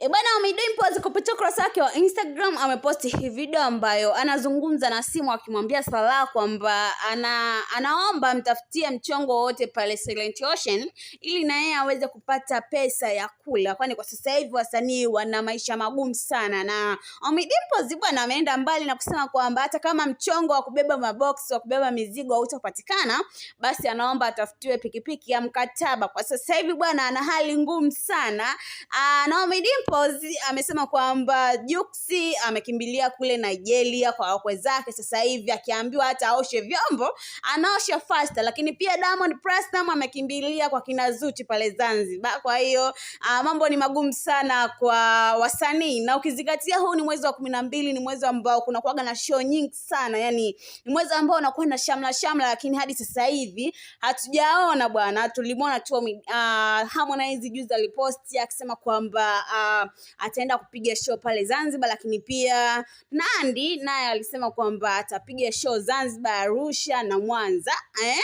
E bwana Ommy Dimpoz kupitia ukurasa wake wa Instagram ameposti hii video ambayo anazungumza na simu akimwambia Salah kwamba ana, anaomba mtafutie mchongo wowote pale Silent Ocean ili na yeye aweze kupata pesa ya kula, kwani kwa sasa hivi wasanii wana maisha magumu sana. Na Ommy Dimpoz bwana ameenda mbali na kusema kwamba hata kama mchongo wa kubeba mabox wa kubeba mizigo hautapatikana, basi anaomba atafutiwe pikipiki ya mkataba. Kwa sasa hivi bwana ana hali ngumu sana. Aa, ah, na Ommy Dimpoz Dipoz amesema kwamba Juksi amekimbilia kule Nigeria kwa wakwe zake, sasa hivi akiambiwa hata aoshe vyombo anaosha fasta. Lakini pia Diamond Platnumz amekimbilia kwa kina Zuchu pale Zanzibar. Kwa hiyo ah, mambo ni magumu sana kwa wasanii, na ukizingatia huu ni mwezi wa kumi na mbili, ni mwezi ambao kuna kuaga na show nyingi sana, yani ni mwezi ambao unakuwa na shamla shamla, lakini hadi sasa hivi hatujaona bwana. Tulimwona tu uh, Harmonize juzi aliposti akisema kwamba uh, ataenda kupiga show pale Zanzibar, lakini pia nandi naye alisema kwamba atapiga show Zanzibar, Arusha na Mwanza eh?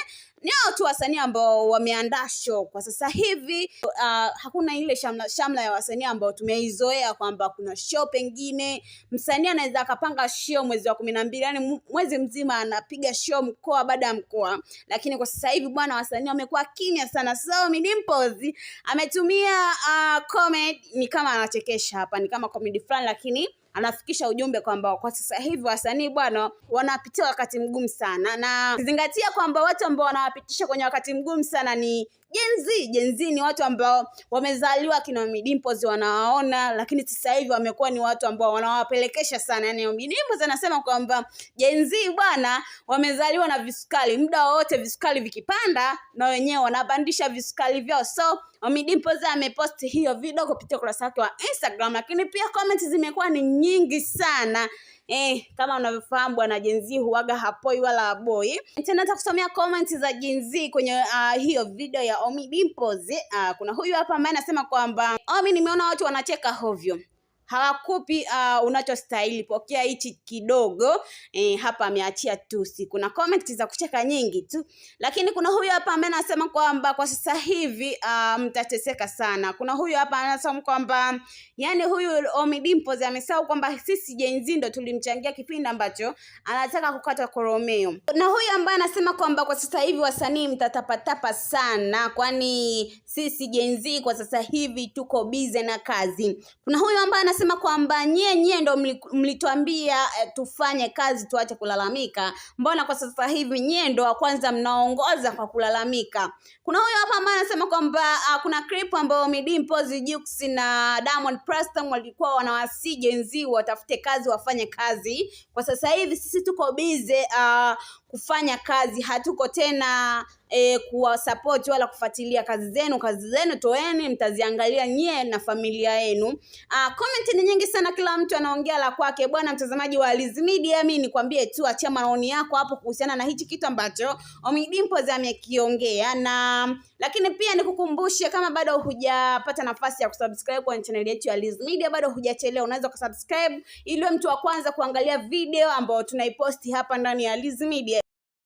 hao tu wasanii ambao wameandaa show kwa sasa hivi. Uh, hakuna ile shamla shamla ya wasanii ambao tumeizoea kwamba kuna show, pengine msanii anaweza akapanga show mwezi wa kumi na mbili, yani mwezi mzima anapiga show mkoa baada ya mkoa, lakini kwa sasa hivi bwana, wasanii wamekuwa kimya sana. So Mdimples ametumia uh, comment ni kama anachekesha hapa, ni kama comedy fulani lakini anafikisha ujumbe kwamba kwa sasa hivi wasanii bwana wanapitia wakati mgumu sana, na ukizingatia kwamba watu ambao wanawapitisha kwenye wakati mgumu sana ni jenzi jenzi ni watu ambao wamezaliwa kina midimpozi wanawaona, lakini sasa hivi wamekuwa ni watu ambao wanawapelekesha sana. Yani midimpozi anasema kwamba jenzi bwana, wamezaliwa na visukali muda wowote visukali vikipanda na wenyewe wanapandisha visukali vyao. So midimpozi ameposti hiyo video kupitia ukurasa wake wa Instagram, lakini pia comments zimekuwa ni nyingi sana eh, kama unavyofahamu bwana Gen Z huaga hapoi wala haboi. Tena nitakusomea comments za Gen Z kwenye uh, hiyo video ya Ommy Dimpoz. Uh, kuna huyu hapa ambaye anasema kwamba Ommy, nimeona watu wanacheka hovyo hawakupi uh, unachostahili. Pokea hichi kidogo e, hapa ameachia tusi. Kuna comment za kucheka nyingi tu, lakini kuna huyu hapa ambaye anasema kwamba kwa sasa hivi uh, mtateseka sana. Kuna huyu hapa anasema kwamba yani, huyu Ommy Dimpoz amesahau kwamba sisi Gen Z ndo tulimchangia kipindi ambacho anataka kukata koromeo, na huyu ambaye anasema kwamba kwa sasa hivi wasanii mtatapatapa sana, kwani sisi Gen Z kwa sasa hivi tuko bize na kazi. Kuna huyu ambaye anasema kwamba nyie nyie ndo mlituambia eh, tufanye kazi tuache kulalamika, mbona kwa sasa hivi nyie ndo wa kwanza mnaongoza kwa kulalamika? Kuna huyo hapa ambaye anasema kwamba uh, kuna clip ambayo Dimpoz Jux na Diamond Platnumz walikuwa wanawasi jenzi watafute kazi wafanye kazi. Kwa sasa hivi sisi tuko bize uh, ah, kufanya kazi hatuko tena e, eh, kuwasupport wala kufuatilia kazi zenu kazi zenu toeni mtaziangalia nyie na familia yenu ah, comment ni nyingi sana kila mtu anaongea la kwake bwana mtazamaji wa Aliz Media mimi nikwambie tu achia maoni yako hapo kuhusiana na hichi kitu ambacho Ommy Dimpoz amekiongea na lakini pia nikukumbushe kama bado hujapata nafasi ya kusubscribe kwenye channel yetu ya Liz Media, bado hujachelewa, unaweza kusubscribe ili mtu wa kwanza kuangalia video ambayo tunaiposti hapa ndani ya Liz Media.